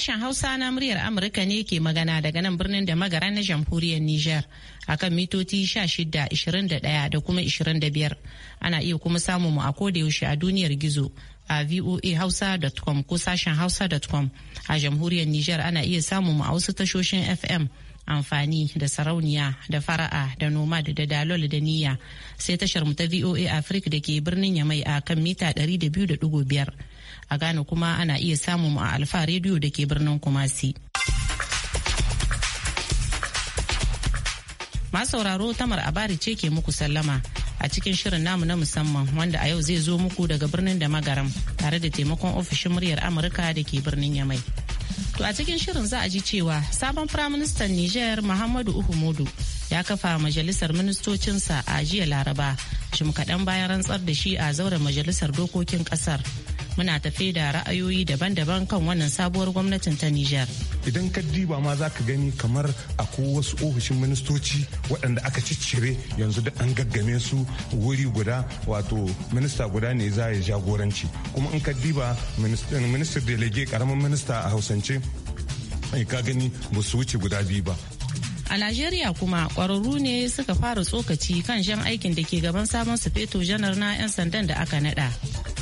Sashen Hausa na muryar Amurka ne ke magana daga nan birnin da magara na jamhuriyar Nijar akan mitoti 16, 21 da kuma 25. Ana iya kuma samun mu a yaushe a duniyar gizo a voahausa.com ko sashen hausa.com a jamhuriyar Nijar ana iya samu mu a wasu tashoshin FM. amfani da sarauniya da fara'a da nomad da dalol da niyya sai tashar mu ta voa africa da ke birnin yamai a kan mita 200.5 a Ghana kuma ana iya samun mu a Alfa Radio da ke birnin Kumasi. masauraro sauraro Tamar Abari ce ke muku sallama a cikin shirin namu na musamman wanda a yau zai zo muku daga birnin da magaram tare da taimakon ofishin muryar Amurka da ke birnin Yamai. To a cikin shirin za a ji cewa sabon firaministan Nijar Muhammadu Uhumudu ya kafa majalisar ministocinsa a jiya Laraba jim kaɗan bayan rantsar da shi a zauren majalisar dokokin ƙasar. muna tafe da ra'ayoyi daban-daban kan wannan sabuwar gwamnatin ta Nijar. Idan ka diba ma za ka gani kamar a wasu ofishin ministoci waɗanda aka ciccire yanzu da an gaggame su wuri guda wato minista guda ne za ya jagoranci kuma in ka diba ministan delege karamin minista a hausance ka gani ba su wuce guda biyu ba A Najeriya kuma kwararru ne suka fara tsokaci kan jan aikin da ke gaban sabon sufeto janar na 'yan sandan da aka nada.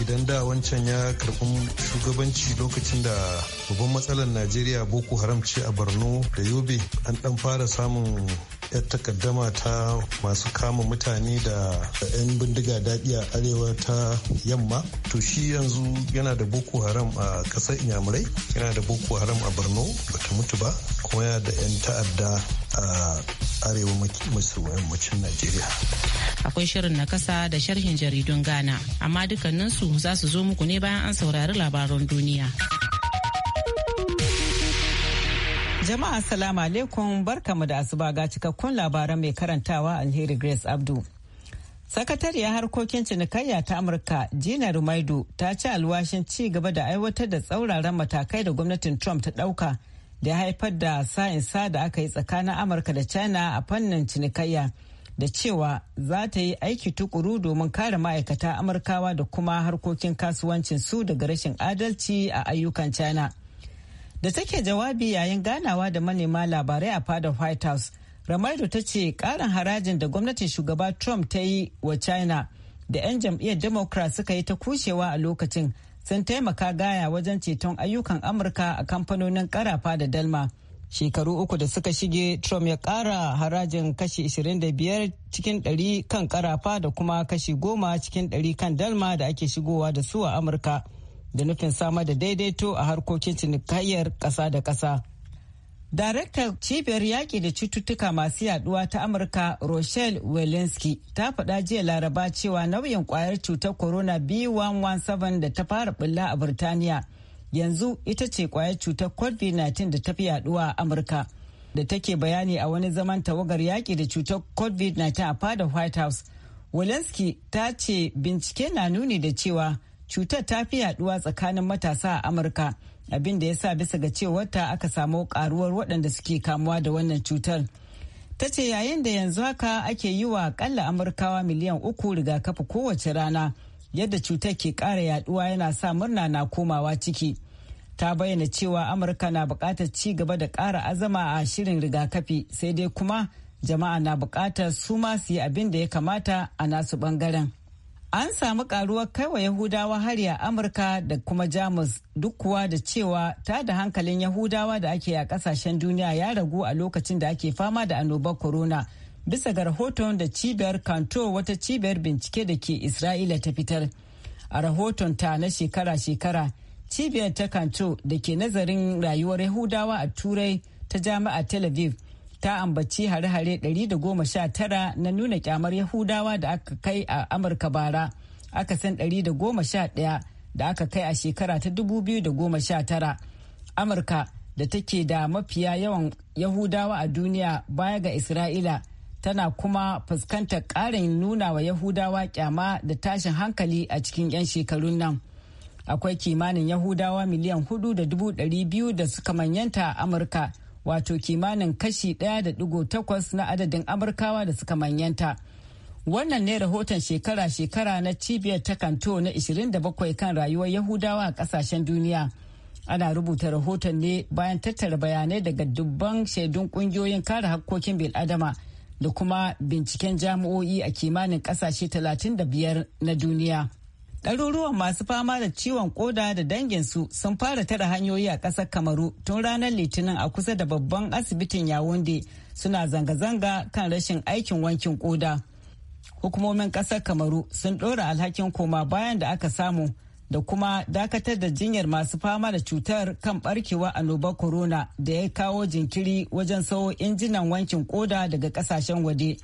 Idan da wancan ya karɓi shugabanci lokacin da babban matsalar Najeriya Boko Haram ce a Borno da Yobe an ɗan fara samun yar takaddama ta masu kama mutane da 'yan bindiga daɗi a arewa ta yamma to shi yanzu yana da boko haram a ƙasar inyamurai yana da boko haram a borno bata mutu ba kuma yana da 'yan ta'adda a arewa masu yammacin najeriya akwai shirin na kasa da sharhin jaridun ghana amma dukkaninsu za su zo muku ne bayan an saurari labaran duniya Jama'a salamu alaikum barkamu da asuba ga cikakkun labaran mai karantawa alheri Grace Abdu. Sakatariyar harkokin cinikayya ta Amurka Gina Rumaidu ta ci alwashin ci gaba da aiwatar da tsauraran matakai da gwamnatin Trump ta dauka da ya haifar da sa da aka yi tsakanin Amurka da China a fannin cinikayya da cewa za ta yi aiki tukuru domin kare ma'aikata Amurkawa da kuma harkokin kasuwancin su daga rashin adalci a ayyukan China. Da take jawabi yayin ganawa da manema labarai a fadar White House, ramaito ta ce karin harajin da gwamnatin shugaba Trump ta yi wa China da 'yan jam'iyyar Democrat suka yi ta kushewa a lokacin sun taimaka gaya wajen ceton ayyukan Amurka a kamfanonin karafa da dalma. Shekaru uku da suka shige Trump ya kara harajin kashi 25 cikin 100 kan karafa da kuma kashi 10 cikin 100 kan dalma da ake shigowa da su a Amurka. da nufin samar da daidaito a harkokin cinikayyar ƙasa da ƙasa. Daraktar cibiyar yaƙi da cututtuka masu yaduwa ta Amurka Rochelle Walensky ta faɗa jiya laraba cewa nauyin ƙwayar cutar corona B117 da ta fara bulla a Birtaniya yanzu ita ce ƙwayar cutar COVID-19 da ta fi yaduwa a Amurka. Da take bayani a wani zaman tawagar yaƙi da cutar COVID-19 a fadar White House, Walensky ta ce bincike na nuni da cewa cutar ta fi yaduwa tsakanin matasa a amurka abin da ya sa bisa ga cewarta aka samu karuwar waɗanda suke kamuwa da wannan cutar ta ce yayin da yanzu haka ake yi wa akalla amurkawa miliyan uku rigakafi kowace rana yadda cutar ke ƙara yaduwa yana sa murna na komawa ciki ta bayyana cewa amurka na bukatar ci gaba da ƙara azama a shirin rigakafi sai dai kuma jama'a na bukatar su ma su yi abin da ya kamata a nasu ɓangaren. An samu karuwar kaiwa Yahudawa hari a Amurka da kuma Jamus duk kuwa da cewa ta da hankalin Yahudawa da ake a kasashen duniya ya ragu a lokacin da ake fama da annobar corona. Bisa ga rahoton da cibiyar Kanto wata cibiyar bincike da ke Isra'ila ta fitar. A rahoton ta na shekara-shekara, cibiyar ta Kanto da ke nazarin rayuwar Yahudawa a Turai ta jami'a Tel Aviv. ta ambaci hare-hare 119 na nuna kyamar Yahudawa da aka kai a Amurka bara, aka san 111 da aka kai a shekara ta 2019. Amurka da take da mafiya yawan Yahudawa a duniya baya ga Isra'ila tana kuma fuskantar ƙarin nuna wa Yahudawa kyama da tashin hankali a cikin 'yan shekarun nan. Akwai kimanin Yahudawa miliyan hudu da dubu biyu da suka manyanta a Amurka. wato kimanin kashi da takwas na adadin amurkawa da suka manyanta wannan ne rahoton shekara-shekara na cibiyar ta kanto na 27 kan rayuwar yahudawa a kasashen duniya ana rubuta rahoton ne bayan tattara bayanai daga dubban shaidun kungiyoyin kare hakkokin bil'adama da kuma binciken jami'o'i a kimanin kasashe 35 na duniya. ɗaruruwan masu fama da ciwon koda da danginsu sun fara tara hanyoyi a ƙasar kamaru tun ranar litinin a kusa da babban asibitin yawunde suna zanga-zanga kan rashin aikin wankin koda hukumomin ƙasar kamaru sun ɗora alhakin koma bayan da aka samu da kuma dakatar da jinyar masu fama da cutar kan barkewa annobar corona da ya kawo jinkiri wajen sawo injinan wankin koda daga ƙasashen waje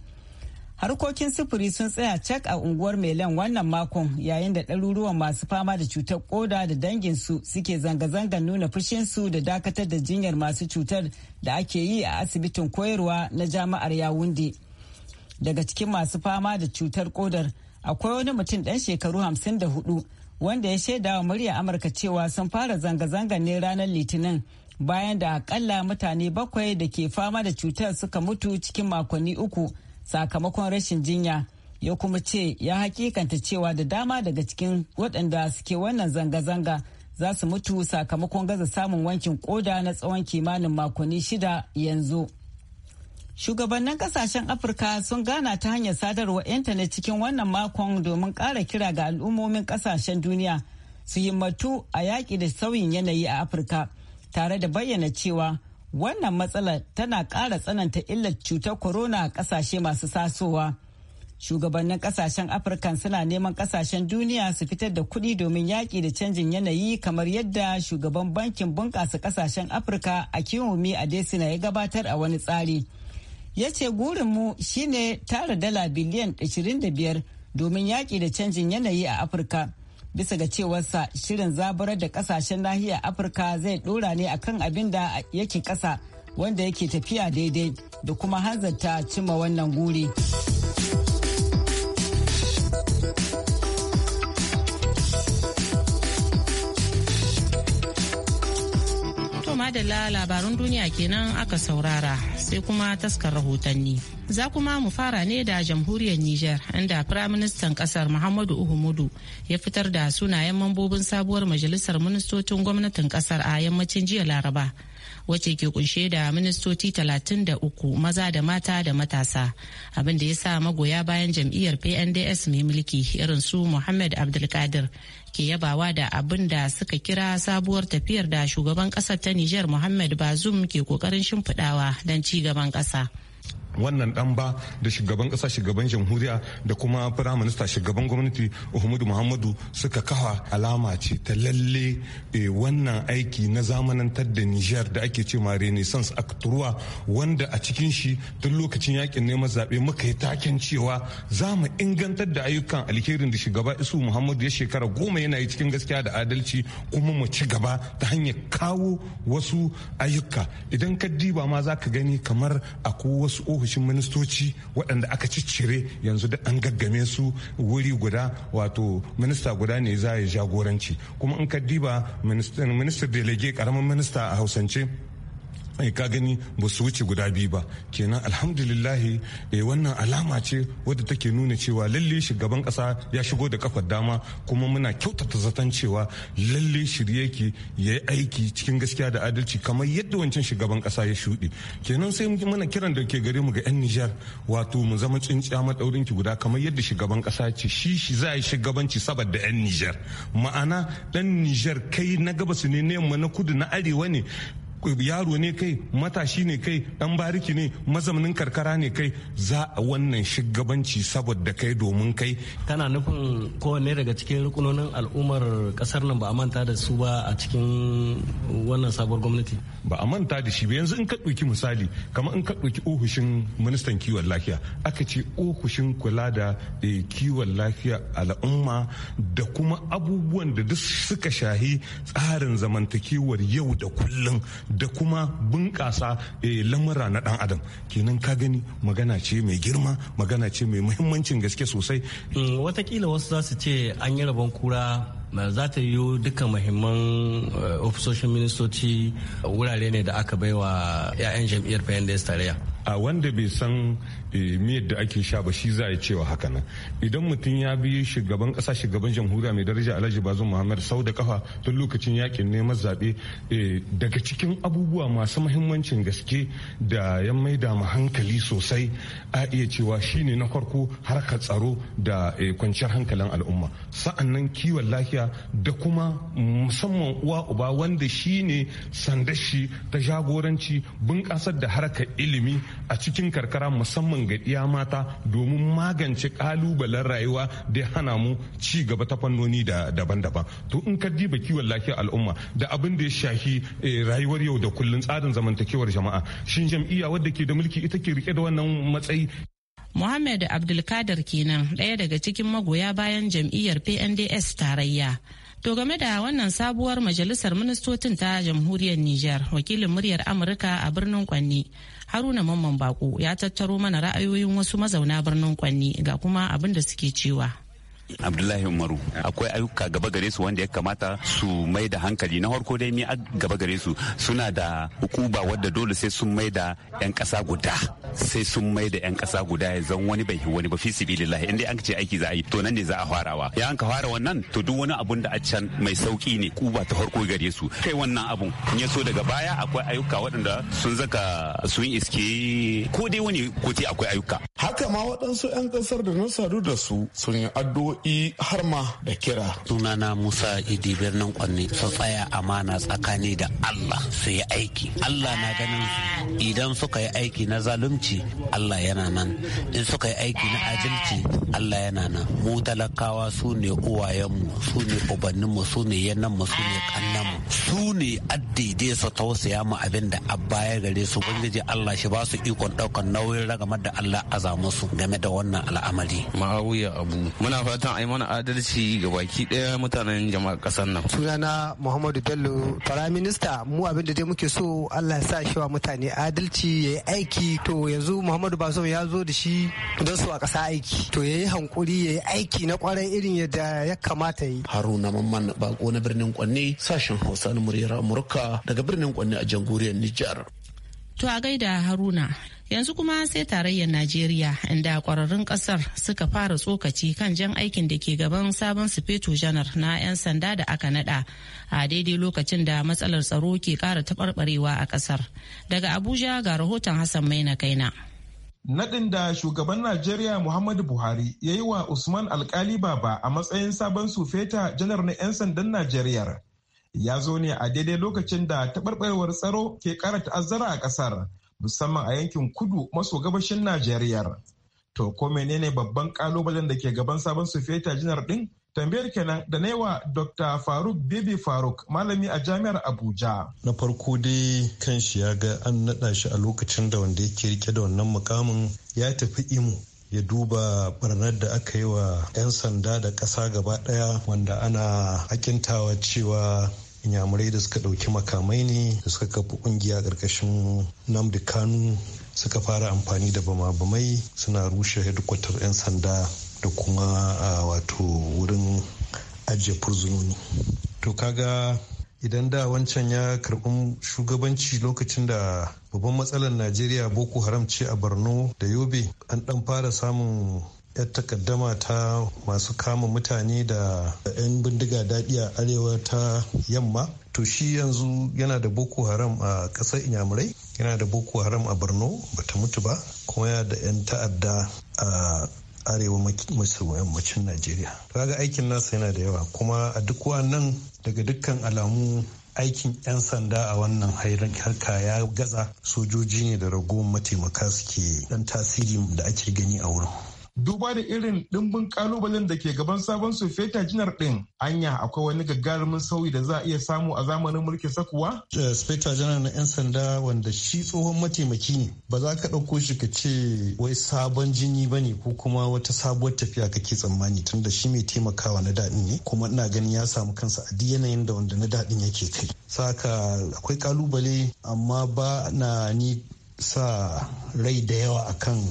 harkokin sufuri sun tsaya cak a unguwar melon wannan makon yayin da ɗaruruwan masu fama da cutar koda da danginsu suke zanga-zangar nuna fushinsu da dakatar da jinyar masu cutar da ake yi a asibitin koyarwa na jama'ar yawundi daga cikin masu fama da cutar kodar akwai wani mutum ɗan shekaru hamsin da hudu wanda ya shaida wa murya amurka cewa sun fara zanga-zangar ne ranar litinin bayan da akalla mutane bakwai da ke fama da cutar suka mutu cikin makonni uku sakamakon rashin jinya ya kuma ce ya hakikanta cewa da dama daga cikin waɗanda suke wannan zanga-zanga za su mutu sakamakon gaza samun wankin koda na tsawon kimanin makonni shida yanzu. Shugabannin kasashen Afirka sun gana ta hanyar sadarwa intanet cikin wannan makon domin ƙara kira ga al'ummomin kasashen duniya su himmatu a yaƙi da sauyin yanayi a Afirka tare da bayyana cewa Wannan matsalar tana ƙara tsananta illar cutar corona a ƙasashe masu sasowa. Shugabannin ƙasashen Afirka suna neman ƙasashen duniya su fitar da kuɗi domin yaƙi da canjin yanayi kamar yadda shugaban bankin bunƙasa ƙasashen Afirka a kiwomi a desina ya gabatar a wani tsari. Ya ce gurinmu shine tara dala biliyan 25 domin yaƙi da canjin yanayi a Afirka. bisa ga cewarsa shirin zabarar da kasashen nahiyar afirka zai dora ne akan abin da yake kasa wanda yake tafiya daidai da kuma hanzarta cimma wannan guri madalla labarun duniya kenan aka saurara sai kuma taskar rahotanni. Za kuma mu fara ne da jamhuriyar Nijar inda firaministan kasar Muhammadu Uhumudu ya fitar da sunayen mambobin sabuwar majalisar ministocin gwamnatin kasar a yammacin jiya Laraba. wacce ke kunshe da ministoci 33 maza da mata da matasa abin da ya sa magoya bayan jam'iyyar pnds mai mulki irin su muhammad abdulkadir ke yabawa da abin da suka kira sabuwar tafiyar da shugaban kasar ta niger muhammad bazum ke kokarin shimfiɗawa don ci gaban kasa. wannan dan ba da shugaban kasa shugaban jamhuriya da kuma firayim minista shugaban gwamnati Uhumudu Muhammadu suka kafa alama ce ta lalle eh, wannan aiki na zamanantar da Niger da ake ce ma Renaissance Actruwa wanda a cikin shi tun lokacin yakin neman zaɓe muka yi taken cewa za mu ingantar da ayyukan alherin da shugaba Isu Muhammadu ya shekara goma yana yi cikin gaskiya da adalci kuma mu ci gaba ta hanyar kawo wasu ayyuka idan ka diba ma za ka gani kamar akwai wasu ofishin ministoci waɗanda aka ciccire yanzu da an gaggame su wuri guda wato minista guda ne za yi jagoranci kuma in ka diba ministan ministan delege karamin minista a hausance ka gani ba su wuce guda biyu ba kenan alhamdulillahi eh, wannan alama ce wadda take nuna cewa lalle shugaban kasa ya shigo da kafar dama kuma muna kyautata zaton cewa lalle shirye yake ya yi aiki cikin gaskiya da adalci kamar yadda wancan shugaban kasa ya shuɗe kenan sai muna kiran da ke gare mu ga yan nijar wato mu zama tsinciya maɗaurin ki guda kamar yadda shugaban kasa ce shi shi za a yi shugabanci saboda yan nijar ma'ana dan nijar kai na gabas ne ne na kudu na arewa ne yaro ne kai matashi ne kai dan bariki ne mazaunin karkara ne kai za a wannan shugabanci saboda kai domin kai kana nufin kowanne daga cikin rukunonin al'ummar kasar nan ba a manta da su ba a cikin wannan sabuwar gwamnati ba a manta da shi ba yanzu in ka ɗauki misali kamar in ka ɗauki ofishin ministan kiwon lafiya aka ce ofishin kula da kiwon lafiya al'umma da kuma abubuwan da duk suka shahi tsarin zamantakewar yau da kullum da kuma bunƙasa eh, lamura na ɗan adam kenan ka gani magana ce mai girma magana ce mai muhimmancin gaske sosai mm, watakila wasu za su ce an yi rabon kura za ta yi duka muhimman eh, ofisoshin ministoci wurare ne da aka baiwa 'ya'yan jam'iyyar pnds tarayya a wanda bai san eh, miyar da ake sha ba shi za a cewa haka nan idan mutum ya bi shugaban kasa shugaban jamhuriya mai daraja alhaji bazum muhammad sau da kafa tun lokacin yakin neman zaɓe eh, daga cikin abubuwa masu mahimmancin gaske da ya maida mu hankali sosai a iya cewa shine na farko harkar tsaro da eh, kwanciyar hankalin al'umma sa'annan kiwon lafiya da kuma musamman uwa uba wanda shi shine sandashi ta jagoranci bunƙasar da harkar ilimi a cikin karkara musamman ga ɗiya mata domin magance ƙalubalen rayuwa da ya hana mu ci gaba ta fannoni da daban-daban to in ka diba kiwon lafiyar al'umma da abin da ya shahi eh, rayuwar yau da kullun tsarin zamantakewar jama'a shin jam'iyya wadda ke da mulki ita ke rike da wannan matsayi Muhammad Abdulkadir kenan daya daga cikin magoya bayan jam'iyyar PNDS tarayya. To game da wannan sabuwar majalisar ministocin ta jamhuriyar Nijar wakilin muryar Amurka a birnin Kwanni Haruna Mamman Bako ya tattaro mana ra'ayoyin wasu mazauna birnin Kwanni ga kuma abin da suke cewa. Abdullahi Umaru akwai ayyuka gaba gare su wanda ya kamata su mai da hankali na harko dai ni a gaba gare su suna da hukuba wadda dole sai sun mai da yan kasa guda sai sun mai da yan kasa guda ya zan wani bai wani ba fi sibilillahi inda an ce aiki za a yi to nan ne za a farawa ya an ka fara wannan to duk wani abun da a can mai sauki ne kuba ta harko gare su kai wannan abun in ya so daga baya akwai ayyuka waɗanda sun zaka sun iske ko dai wani koti akwai ayyuka haka ma waɗansu 'yan kasar da na sadu da su sun yi addu'o'i I harma ma da kira. Sunana Musa Idi birnin Kwanne su tsaya amana tsakani da Allah su yi aiki. Allah na ganin idan suka yi aiki na zalunci Allah yana nan. In suka yi aiki na ajilci Allah yana nan. Mu talakawa su ne uwayenmu, su ne ubanninmu, su ne yananmu, su ne kannanmu. Su ne addide su tausaya mu abin da abba ya gare su. Ubangiji Allah shi ba su ikon ɗaukan nauyin ragamar da Allah aza su, game da wannan al'amari. Ma'awiya Abu. Muna fata fatan a yi mana adalci ga baki ɗaya mutanen jama'a ƙasar nan. Sunana Muhammadu Bello, Firaminista, mu abin da dai muke so Allah ya sa shi wa mutane adalci ya yi aiki. To yanzu Muhammadu Basom ya zo da shi don su a ƙasa aiki. To ya yi hankuri ya yi aiki na kwarai irin yadda ya kamata yi. Haruna Mamman Bako na birnin Kwanne, sashen Hausa na muryar Amurka daga birnin Kwanne a jamhuriyar Nijar. To a gaida Haruna. Yanzu kuma sai tarayyar Najeriya inda kwararrun kasar suka fara tsokaci kan jan aikin da ke gaban sabon sufeto janar na 'yan sanda da aka nada a daidai lokacin da matsalar tsaro ke kara taɓarɓarewa a kasar. Daga Abuja ga rahoton Hassan Maina Kaina. Nadin da shugaban Najeriya Muhammadu Buhari ya yi wa Usman Alkali Baba a matsayin sabon sufeta janar na 'yan sandan Najeriya ya zo ne a daidai lokacin da taɓarɓarewar tsaro ke ƙara ta'azzara a ƙasar musamman a yankin kudu maso gabashin Najeriya. To ko menene babban kalubalen da ke gaban sabon sufeta janar ɗin? tambayar kenan da naiwa dr faruk bibi faruk malami a jami'ar abuja na farko dai kan shi ya ga an naɗa shi a lokacin da wanda yake rike da wannan mukamin ya tafi imu ya duba barnar da aka yi wa 'yan sanda da ƙasa gaba ɗaya wanda ana hakintawa cewa inyamurai da suka ɗauki makamai ne da suka kafa ƙungiya ƙarƙashin namdi kanu suka fara amfani da bama-bamai suna rushe hedikwatar 'yan sanda da kuma a wato wurin ajiye furzunoni to kaga idan da wancan ya karɓi shugabanci lokacin da babban matsalar najeriya boko haram ce a borno da yobe an ɗan fara samun 'yar takaddama ta masu kama mutane da 'yan bindiga daɗi a arewa ta yamma to shi yanzu yana da boko haram a ƙasar inyamurai yana da boko haram a borno bata mutu ba kuma yana da 'yan ta'adda a arewa masu yammacin najeriya To ga aikin nasa yana da yawa kuma a duk wannan daga dukkan alamu aikin 'yan sanda a wannan harka ya gaza sojoji ne da ragowar mataimaka suke ɗan tasiri da ake gani a wurin duba da irin ɗimbin kalubalen da ke gaban sabon sufeta jinar ɗin anya akwai wani gagarumin sauyi da za a iya samu a zamanin mulkin sakuwa? Eh, sufeta janar na 'yan sanda wanda shi tsohon mataimaki ne ba za ka ɗauko shi ka ce wai sabon jini ba ne ko kuma wata sabuwar tafiya kake tsammani tunda shi mai taimakawa na daɗin ne kuma ina ganin ya samu kansa a duk yanayin da wanda na daɗin yake kai saka akwai kalubale amma ba na ni sa rai da yawa akan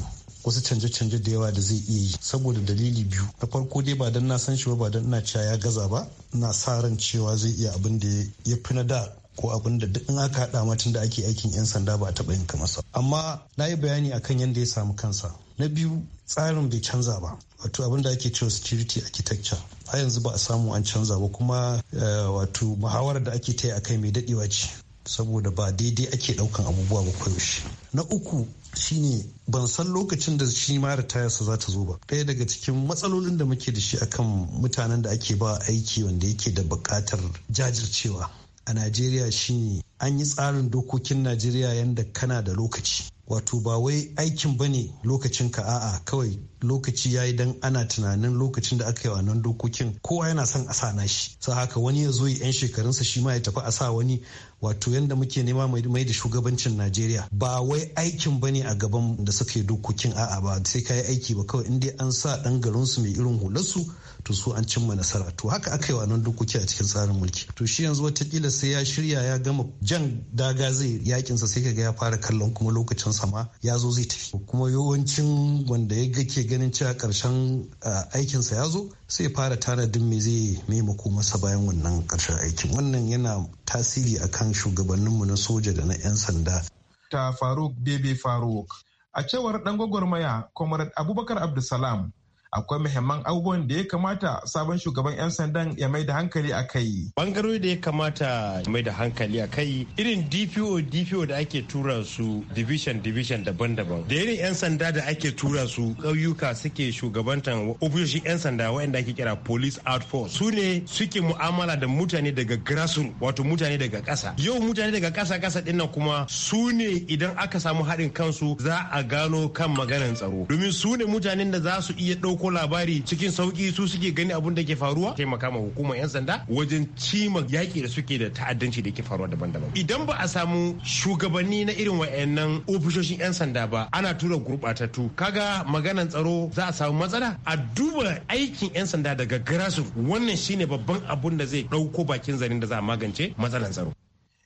wasu canje-canje da yawa da zai iya yi saboda dalili biyu na farko dai ba don na san shi ba ba don ina cewa ya gaza ba na sa ran cewa zai iya abin da ya fi na da ko abin da duk in aka haɗa tun da ake aikin 'yan sanda ba a taɓa yin kamar sa amma na yi bayani akan yadda ya samu kansa na biyu tsarin bai canza ba wato abin da ake cewa security architecture a yanzu ba a samu an canza ba kuma eh, wato muhawarar da ake ta yi akai mai dadewa ce saboda ba daidai ake ɗaukan abubuwa ba koyaushe na uku shine ban san lokacin da shi ma ritayarsa za ta zo ba ɗaya daga cikin matsalolin da muke da shi akan mutanen da ake ba aiki wanda yake da buƙatar jajircewa a najeriya shine an yi tsarin dokokin najeriya yadda kana da lokaci wato ba wai aikin ba ne lokacin ka a'a kawai lokaci ya yi don ana tunanin lokacin da aka yi wannan dokokin kowa yana son a sa nashi sa haka wani ya zo yi 'yan shekarunsa shi ma ya tafi a sa wani wato yadda muke nema mai da shugabancin najeriya ba wai aikin ba a gaban da suka yi dokokin a'a ba sai ka yi aiki ba kawai indai an sa ɗan garinsu mai irin hularsu to su an cimma nasara to haka aka yi wannan dokoki a cikin tsarin mulki to shi yanzu watakila sai ya shirya ya gama jan daga zai yakinsa sai ka ga ya fara kallon kuma lokacin kansa ya zo zai tafi kuma yawancin wanda ya ke ganin cewa karshen aikinsa ya zo sai fara tanadin me zai maimako masa bayan wannan karshen aikin wannan yana tasiri akan shugabanninmu na soja da na 'yan sanda ta faruk bebe faruk a cewar dan gwagwarmaya comrade abubakar abdulsalam akwai muhimman abubuwan da ya kamata sabon shugaban 'yan sandan ya mai da hankali a kai. Bangarori da ya kamata ya mai da hankali a kai irin DPO DPO da ake tura su division division daban-daban. Da irin 'yan sanda da ake tura su ƙauyuka suke shugabantan ofisoshin 'yan sanda waɗanda ake kira police force. Su ne suke mu'amala da mutane daga grassroots wato mutane daga kasa. Yau mutane daga kasa kasa ɗin kuma su ne idan aka samu haɗin kansu za a gano kan maganar tsaro. Domin su ne mutanen da za su iya ɗauko ɗauko labari cikin sauki su suke gani abun da ke faruwa taimaka ma hukumar 'yan sanda wajen cima yaƙi da suke da ta'addanci da ke faruwa daban-daban idan ba a samu shugabanni na irin wayannan ofishoshin 'yan sanda ba ana tura gurɓatattu kaga maganan tsaro za a samu matsala a duba aikin 'yan sanda daga grassroots wannan shine babban abun da zai ɗauko bakin zanen da za a magance matsalan tsaro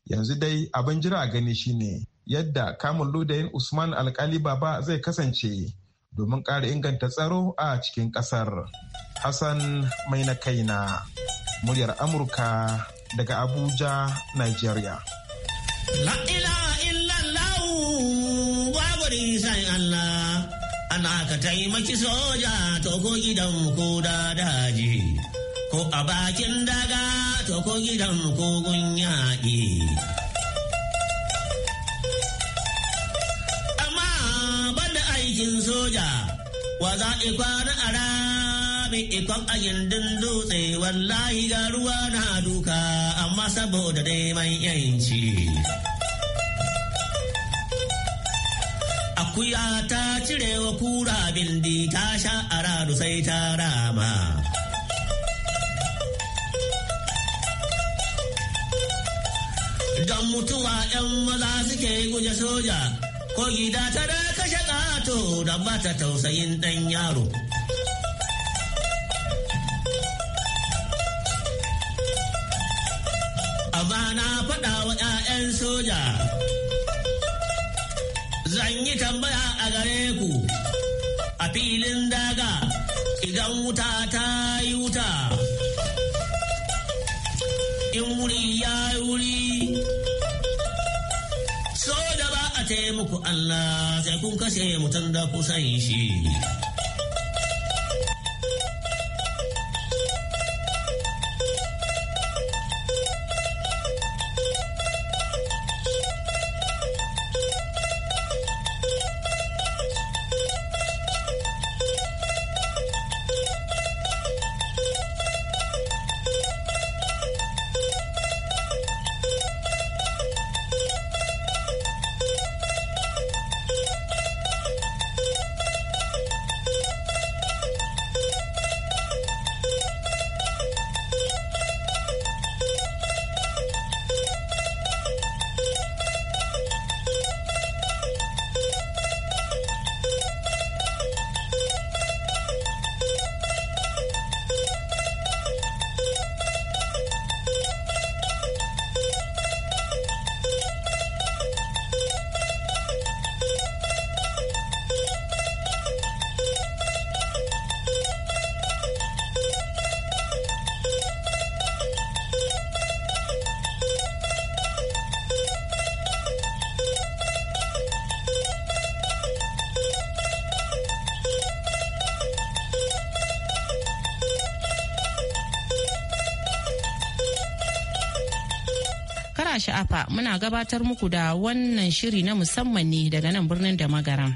yanzu dai abin jira a gani shine yadda kamun ludayin usman alkali baba zai kasance domin ƙara inganta tsaro a cikin ƙasar. Hassan mai na kaina muryar Amurka daga Abuja, Nigeria. Allah ana ka taimaki soja to ko gidan ko da daji ko a bakin daga to ko gidan ko gun yaƙi. cikin soja wa za a kwana a rami ikon ayin dutse wallahi ga ruwa na duka amma saboda dai mai yanci. Akuya ta cire wa kura bindi ta sha a radu sai ta rama. Don mutuwa ‘yan maza suke guje soja, ko gida ta to da ba ta tausayin ɗan yaro. a na faɗa wa 'ya'yan soja, zan yi tambaya a gare ku a filin daga idan wuta ta yi wuta, in wuri ya yi wuri ta muku Allah sai kun kashe mutum da kusan shi. sha'afa muna gabatar muku da wannan shiri na musamman ne daga nan birnin da magaran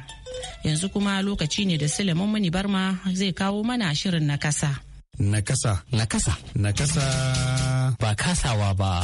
Yanzu kuma lokaci ne da silimin Muni Barma zai kawo mana shirin na kasa. Na kasa. Na kasa. Na kasa. Ba kasawa ba.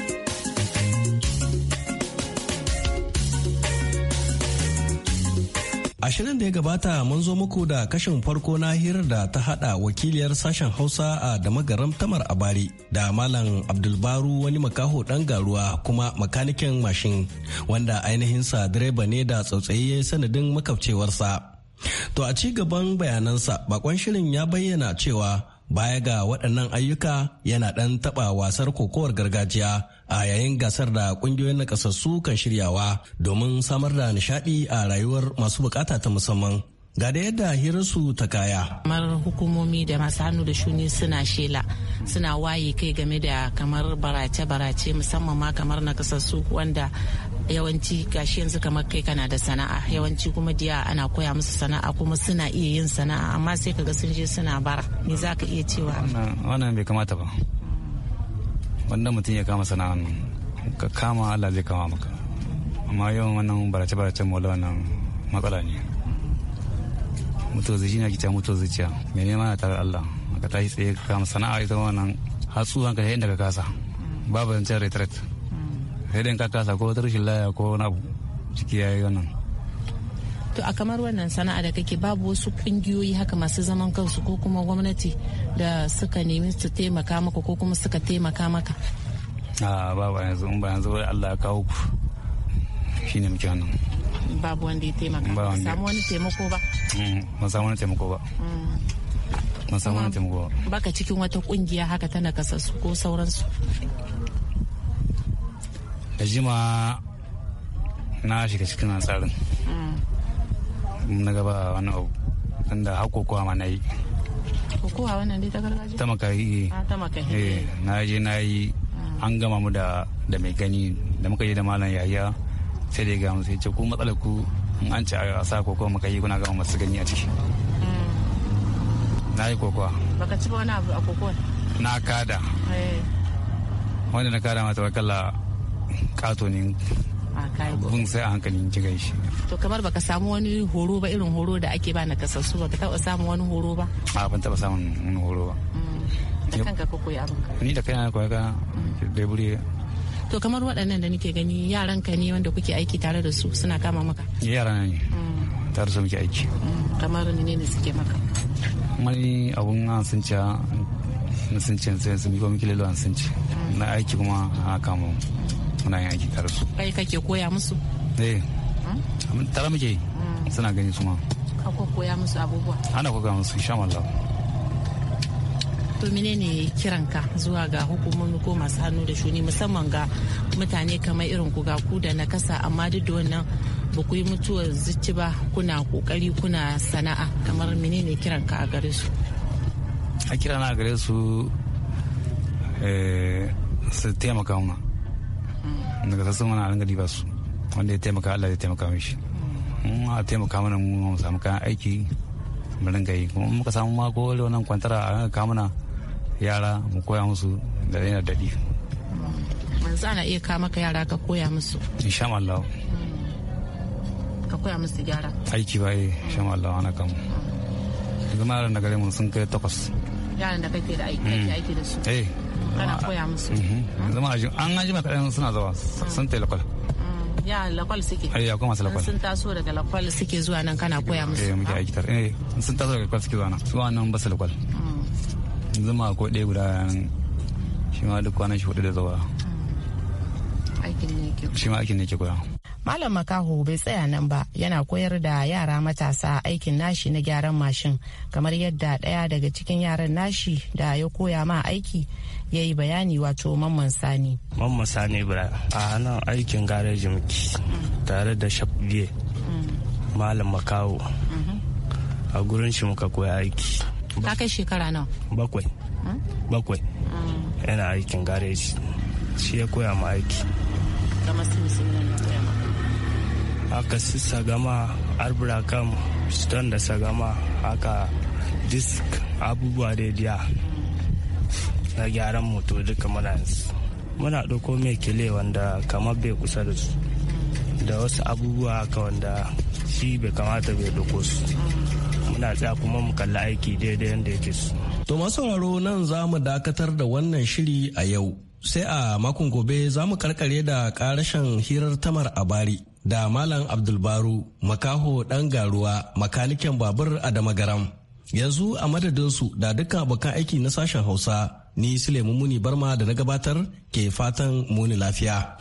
a shirin da ya gabata mun zo muku da kashin farko na hirar da ta hada wakiliyar sashen hausa a magaram tamar abari da malam abdulbaru wani makaho dan garuwa kuma makanikin mashin wanda ainihin sa direba ne da tsautsayi sanadin makabcewarsa to a ci gaban bayanansa bakon shirin ya bayyana cewa baya ga waɗannan ayyuka yana ɗan taɓa wasar kokowar gargajiya a yayin gasar da kungiyoyin nakasassu kan shiryawa domin samar da nishadi a rayuwar masu bukata ta musamman ga da yadda hirarsu ta kaya. kamar hukumomi da masu hannu da shuni suna shela suna waye kai game da kamar barace-barace musamman ma kamar nakasassu wanda yawanci gashi yanzu kamar kai kana da sana'a yawanci kuma diya ana koya musu sana'a kuma suna iya yin sana'a amma sai kaga sun je suna bara ni za iya cewa wannan bai kamata ba wanda mutum ya kama sana'an ka kama Allah zai kama maka amma yawan wannan barace barace mola wannan matsala ne mutu zuciya ke cewa mutu zuciya mai nema na tare Allah ka tashi tsaye ka kama sana'a ita wannan hatsu hanka yayin da ka kasa babu zancen retret hmm. sai dai ka kasa ko rashin laya ko wani abu ciki yayi wannan to a kamar wannan sana'a da kake babu wasu kungiyoyi haka masu zaman kansu ko kuma gwamnati da suka nemi su taimaka maka ko kuma suka taimaka maka a babu yanzu in ba yanzu Allah ya kawo ku shine muke wannan babu wanda ya taimaka ba samu wani taimako ba mm, ban samu wani taimako ba mm. ban samu wani taimako ba baka cikin wata kungiya haka ta nakasassu ko sauransu da jima na shiga cikin tsarin mm. na gaba wani abu tunda hakokowa ma na yi kokowa wannan dai ta gargajiya ta makahi ah, ta makahi eh, na je na yi ah. an gama mu da da mai gani da muka je da malam yahaya sai da ya gama sai ce ku matsalar ku in an ci a sa kokowa yi kuna gama masu gani a ciki hmm. na yi kokowa baka ci wani abu a kokowa na kada eh. wanda na kada mata wakala kato ne abun sai a hankalin kigan shi to kamar baka samu wani horo ba irin horo da ake ba na kasassu baka taba samu wani horo ba a ban taba samun wani horo ba mm. da kanka ko koyi abin ka ni da na koyi ka mm. da buri to kamar waɗannan da nake gani yaran ka ne wanda kuke aiki tare da su suna kama maka yaran ne mm. tare su muke aiki kamar ne ne suke maka mani abun sun ci na sun ce sai sun miko miki lilo sun ce na aiki kuma haka mu muna yin aiki tare su kai kake koya musu eh amma tara muke hmm. suna gani su ma ka koya musu abubuwa ana koya musu insha Allah to menene kiranka zuwa ga hukumomi ko masu hannu da shuni musamman ga mutane kamar irin ku ga ku da na kasa amma duk da wannan ba ku yi mutuwar zuci ba kuna kokari kuna sana'a kamar menene kiranka a gare su a kira na gare su eh, su taimaka muna daga sassan wani alin gari ba su wanda ya taimaka allah ya taimaka mishi mun a taimaka mana mu samu kayan aiki mu ringa yi kuma muka samu mako wani wannan kwantara a ranar kamuna yara mu koya musu da yana daɗi yanzu ana iya kama ka yara ka koya musu insha Allah ka koya musu gyara aiki ba eh insha Allah ana kama yanzu ma yaran da gare mu sun kai takwas yaran da kake da aiki hmm. da su eh. kana koya musu mm-hmm. zama an an jima kaɗan suna zawa hmm. sun ta lakwal hmm. ya lakwal suke ya eh, kuma su lakwal sun taso daga lakwal suke zuwa nan kana koya musu eh muke aiki tare eh sun taso daga lakwal suke zuwa nan zuwa nan ba su lakwal zama ko ɗaya guda nan shi ma duk kwanan shi hudu da zawa aikin ne ke shi ma aikin ne ke koya Malam Makaho bai tsaya nan ba yana koyar da yara matasa aikin nashi na gyaran mashin kamar yadda ɗaya daga cikin yaran nashi da ya koya ma aiki ya yi bayani wato mamman sani. Mamman sani bra a nan aikin gareji muke tare da shafiye Malam Makaho a gurin shi muka koya aiki. Ka kai shekara nan. Bakwai. Bakwai. Yana aikin gareji. Shi ya koya ma aiki. musulmi ya koya ma. haka su sagama arbrakam stone da sagama haka disk abubuwa daidaya na gyaran moto duka muna yanzu muna ɗauko mai kile wanda kamar bai kusa da su da wasu abubuwa haka wanda shi bai kamata bai ɗauko su muna tsaya kuma mu kalli aiki daidai yadda yake su to masu sauraro nan za mu dakatar da wannan shiri a yau sai a makon gobe za mu karkare da karashen hirar tamar a bari da Malam Abdulbaru Makaho ɗan garuwa makanikin babur a Damagaram. Yanzu a madadinsu da duka abokan aiki na sashen Hausa ni Sulemu Muni Barma da na gabatar ke fatan muni lafiya.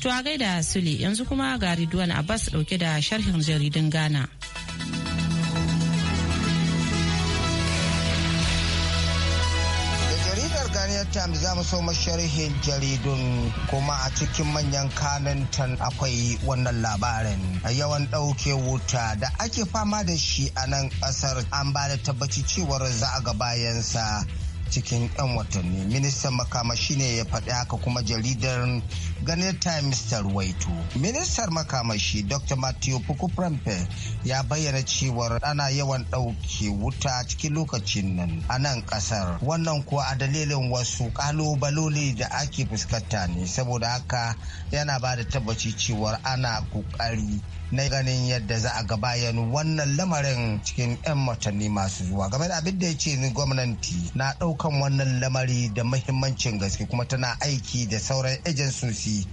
Tuwa gai gaida Sule yanzu kuma ga Ridwan Abbas dauke da sharhin jaridun Ghana. times za mu so masharihin jaridun kuma a cikin manyan kanantan akwai wannan labarin a yawan ɗauke wuta da ake fama da shi a nan ƙasar an ba da tabbaci cewar za a ga bayansa cikin 'yan watanni ministan makamashi ne ya faɗi haka kuma jaridar ganin times ta ruwaito ministan makamashi dr matthew pukuprampe ya bayyana cewar ana yawan ɗauke wuta cikin lokacin nan a nan ƙasar wannan kuwa a dalilin wasu ƙalubaloli da ake fuskanta ne saboda haka yana ba da tabbaci cewar ana ƙoƙari na ganin yadda za a gabayan wannan lamarin cikin 'yan watanni masu zuwa game da abin da ya ce ni gwamnati na ɗaukan wannan lamari da mahimmancin gaske kuma tana aiki da sauran ejensosi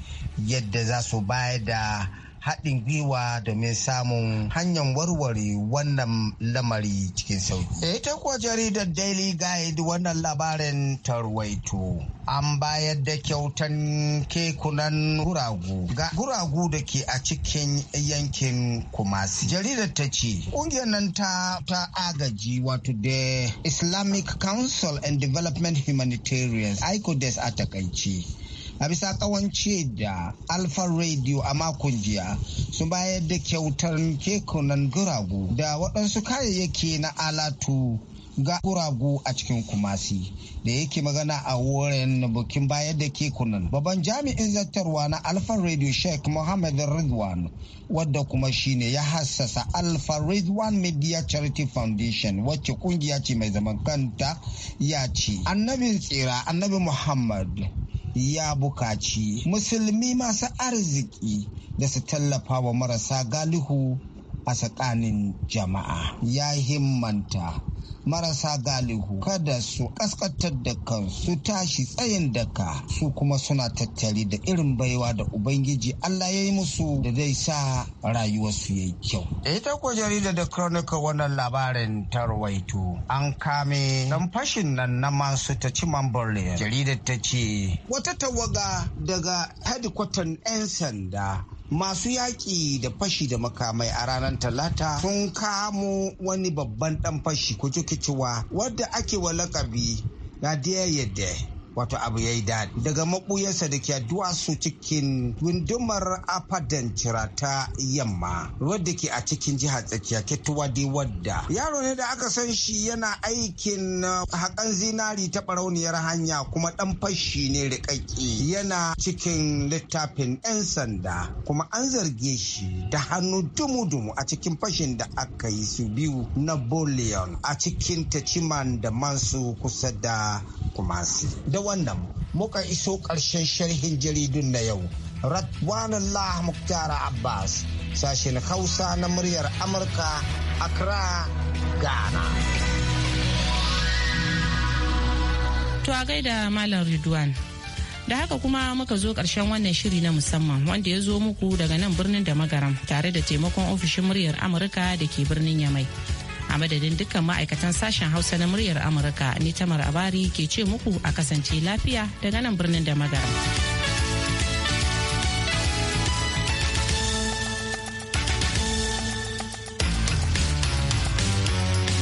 yadda za su bayar da haɗin gwiwa domin samun hanyar warware wannan lamari cikin sauki. Eh, ita kuwa jaridar Daily Guide wannan labarin tarwaito. An bayar da kyautan kekunan guragu ga guragu da ke a cikin yankin Kumasi. Jaridar ta ce, ƙungiyar nan ta, ta agaji wato da Islamic Council and Development Humanitarians, ICODES a takaice. a bisa kawance da alfa radio a makon jiya sun bayar da kyautar kekunan guragu da waɗansu kayayyaki na alatu ga guragu a cikin kumasi da yake magana a wurin bukin bayar da kekunan babban jami'in zartarwa na alfa radio sheikh mohammed ridwan wadda kuma shine ya hassasa alfa ridwan media charity foundation wacce kungiya ce mai zaman kanta ya ce annabin tsira annabi muhammad ya bukaci musulmi masu arziki da su tallafa wa marasa galihu a tsakanin jama'a ya himmanta marasa galihu kada su kaskantar da kansu tashi tsayin daka su kuma suna tattare da irin baiwa da ubangiji Allah ya yi musu da zai sa rayuwarsu ya yi kyau. Ita ko jarida da Chronicle wannan labarin ta rawaito an kame dan fashin nan na masu ta ci Jaridar ta ce wata tawaga daga hedikwatan 'yan sanda masu yaƙi da fashi da makamai a ranar talata sun kamo wani babban dan fashi kuci wadda ake wa lakabi na yadda wato abu ya yi daɗi daga maɓuyarsa da ke duwatsu cikin gundumar afadan ta yamma wadda ke a cikin jihar tsakiya tuwadi wadda yaro ne da aka san shi yana aikin uh, haƙan zinari ta ɓarauniyar hanya kuma ɗan fashi ne riƙaƙƙi yana cikin littafin 'yan sanda kuma an zarge shi da hannu dumu-dumu a cikin fashin da aka yi su biyu na bolion a cikin ciman da masu kusa da kumasi da wannan muka iso ƙarshen sharhin jaridun na yau. Radwanullah Muktar Abbas, sashen Hausa na muryar Amurka, Accra, Ghana. To a gaida Malam Ridwan. Da haka kuma muka zo ƙarshen wannan shiri na musamman wanda ya zo muku daga nan birnin da magaram tare da taimakon ofishin muryar Amurka da ke birnin Yamai. a madadin dukkan ma'aikatan sashen hausa na muryar amurka ni tamar abari ke ce muku a kasance lafiya daga nan birnin da magara.